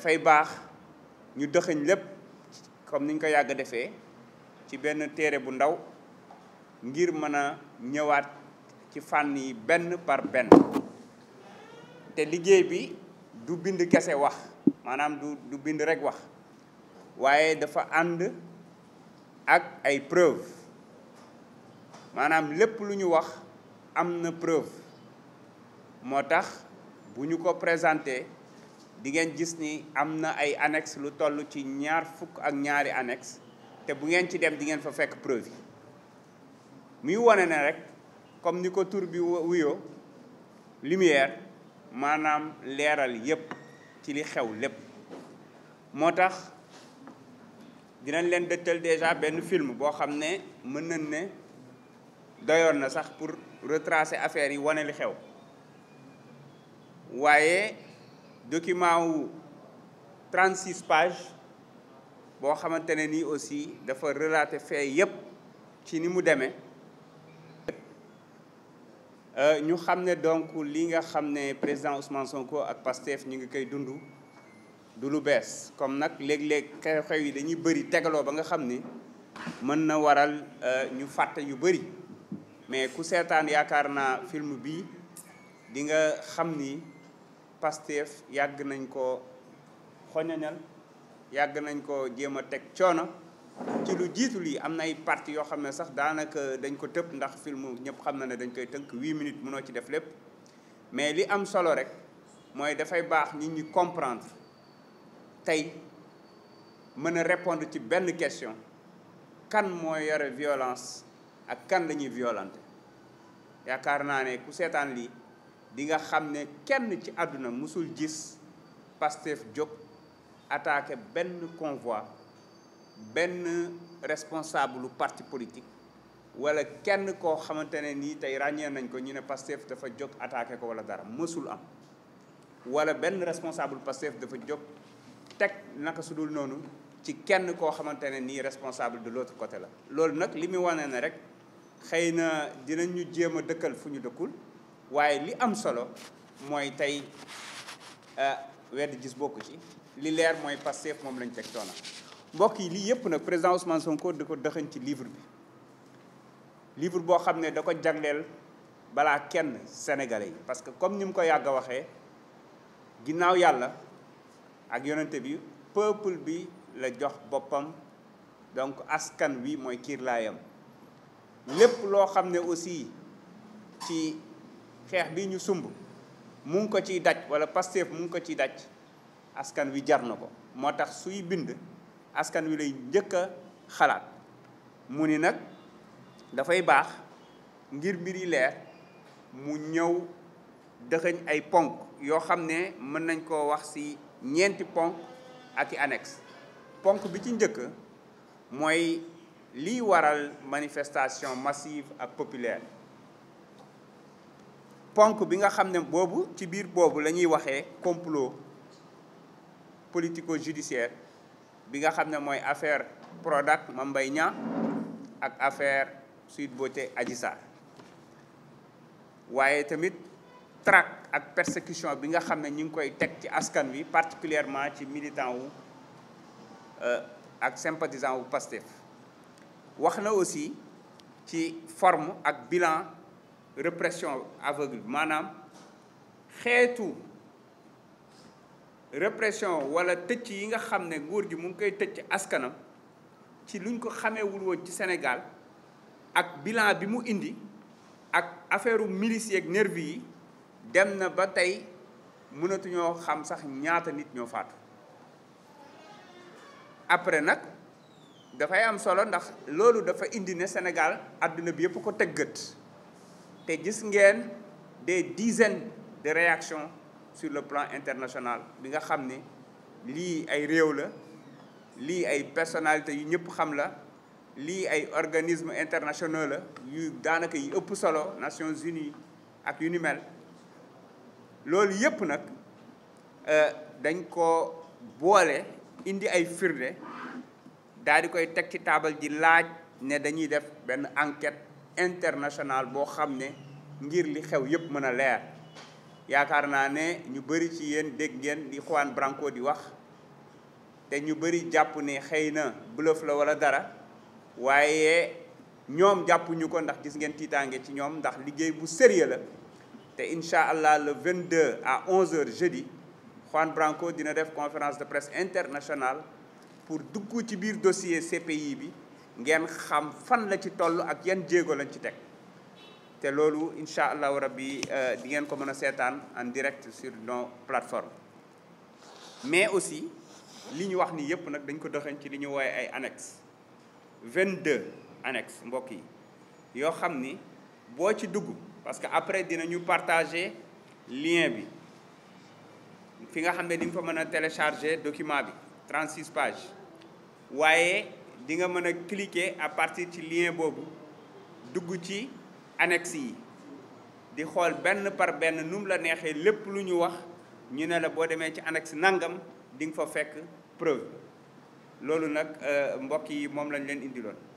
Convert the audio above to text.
dafay baax ñu dëxëñ lépp comme ni niñ ko yàgg defee ci benn téere bu ndaw ngir mën a ñëwaat ci fànn yi benn par benn te liggéey bi du bind kese wax maanaam du bind rekk wax waaye dafa ànd ak ay preuve maanaam lépp lu ñu wax am na preuve moo tax bu ñu ko présenté di ngeen gis ni am na ay annex lu toll ci ñaar fukk ak ñaari annex te bu ngeen ci dem di ngeen fa fekk preuve yi muy wane na rek comme ni ko tur bi wuyoo maanaam leeral yépp ci li xew lépp moo tax dinañ leen dëttal déjà benn film boo xam ne mën nañ ne dayoon na sax pour retracer affaire yi wane li xew waaye document wu 36 page boo xamante ne nii aussi dafa relaté fait yépp ci ni mu demee euh, ñu xam ne donc li nga xam ne président Ousmane Sonko ak Pastef ñu ngi koy dund du lu bees comme nag léeg-léeg xew-xew yi dañuy bëri tegaloo ba nga xam ni mën na waral euh, ñu fàtte yu bëri mais ku seetaan yaakaar naa film bi di nga xam ni Pastef yàgg nañ koo xoñoñal yàgg nañ ko jéem a teg coono ci lu jiitu lii am na ay parti yoo xam ne sax daanaka dañ ko tëb ndax film ñëpp xam na ne dañ koy tënk huit minutes mënoo ci def lépp mais li am solo rek mooy dafay baax nit ñi comprendre tey mën a répondre ci benn question kan moo yore violence ak kan la ñuy violenter yaakaar naa ne ku seetaan lii di nga xam ne kenn ci àdduna musul gis Pastef jóg attaqué benn convoi benn responsable parti politique wala kenn koo xamante ne nii tey ràññee nañ ko ñu ne Pastef dafa jóg attaqué ko wala dara mësul am wala benn responsable Pastef dafa jóg teg naka su noonu ci kenn koo xamante ne nii responsable de l'autre côté la loolu nag li mu wane ne rek xëy na dinañu jéem a dëkkal fu ñu dëkkul waaye li am solo mooy tey euh, wedd gis bokk ci li leer mooy Pastef moom lañ teg coono mbokk yi lii yëpp nag président soo ko da ko dëxañ ci livre bi livre boo xam ne da ko jagleel balaa kenn sénégalais yi parce que comme ni mu ko yàgg a waxee ginnaaw yàlla ak yonante bi peuple bi la jox boppam donc askan wi mooy kiirlaayam lépp loo xam ne aussi ci xeex bi ñu sumb mu ngi ko ciy daj wala Pastef mu ngi ko ciy daj askan wi jar na ko moo tax suy bind askan wi lay njëkk a xalaat mu ni nag dafay baax ngir mbiri leer mu ñëw dëxëñ ay ponk yoo xam ne mën nañ koo wax ci ñeenti ponk ak i annexe ponk bi ci njëkk mooy liy waral manifestation massive ak populaire ponk bi nga xam ne boobu ci biir boobu la ñuy waxee complot politico judiciaire bi nga xam ne mooy affaire Prodac Mame Mbaye Niang ak affaire Sweet Beauté Adji Sarr waaye tamit traque ak persécution bi nga xam ne ñu ngi koy teg ci askan wi particulièrement ci militant wu euh, ak sympathisant wu Pastef wax na aussi ci forme ak bilan répression aveugle maanaam xeetu repression wala tëcc yi nga xam ne nguur gi mu ngi koy tëcc askanam ci luñ ko xameewul woon ci senegal ak bilan bi mu indi ak affaire milice yeeg nervi yi dem na ba tey mënatuñoo xam sax ñaata nit ñoo faatu après nag dafay am solo ndax loolu dafa indi ne senegal àdduna bi yëpp ko tëggat te gis ngeen des dizaines de réactions sur le plan international bi nga xam ne lii ay réew la lii ay personnalités yu ñëpp xam la lii ay organismes internationaux la yu daanaka yi ëpp solo Nations Unies ak yu ni mel loolu yëpp nag euh, dañ ko boole indi ay firnde daal di koy teg ci taabal ji laaj ne dañuy def benn enquête international boo xam ne ngir li xew yépp mën a leer yaakaar naa ne ñu bëri ci yéen dégg ngeen di Juan Branco di wax te ñu bëri jàpp ne xëy na bluff la walla dara waaye ñoom jàppuñu ko ndax gis ngeen tiitaange ci ñoom ndax liggéey bu sérieux la te incha allah le deux à 11h jeudi Juan Branco dina def conférence de presse internationale pour dugg ci biir dossier CPI bi ngeen xam fan la ci toll ak yan jéego lañ ci teg te loolu incha allahu rabbi euh, di ngeen ko mën a seetaan en direct sur nos plateformes mais aussi li ñu wax ni yépp nag dañ ko doxee ci li ñu wooye ay annexe 22 annexe mbokk yi yoo xam ni boo ci dugg parce que après dinañu partager lien bi fi nga xam ne di nga fa mën a télécharger document bi 36 pages waaye di nga mën a cliquer à partir ci lien boobu dugg ci annexe yi di xool benn par benn nu mu la neexee lépp lu ñu wax ñu ne la boo demee ci annexe nangam di nga fa fekk preuve loolu nag euh, mbokk yi moom lañ leen indiloon.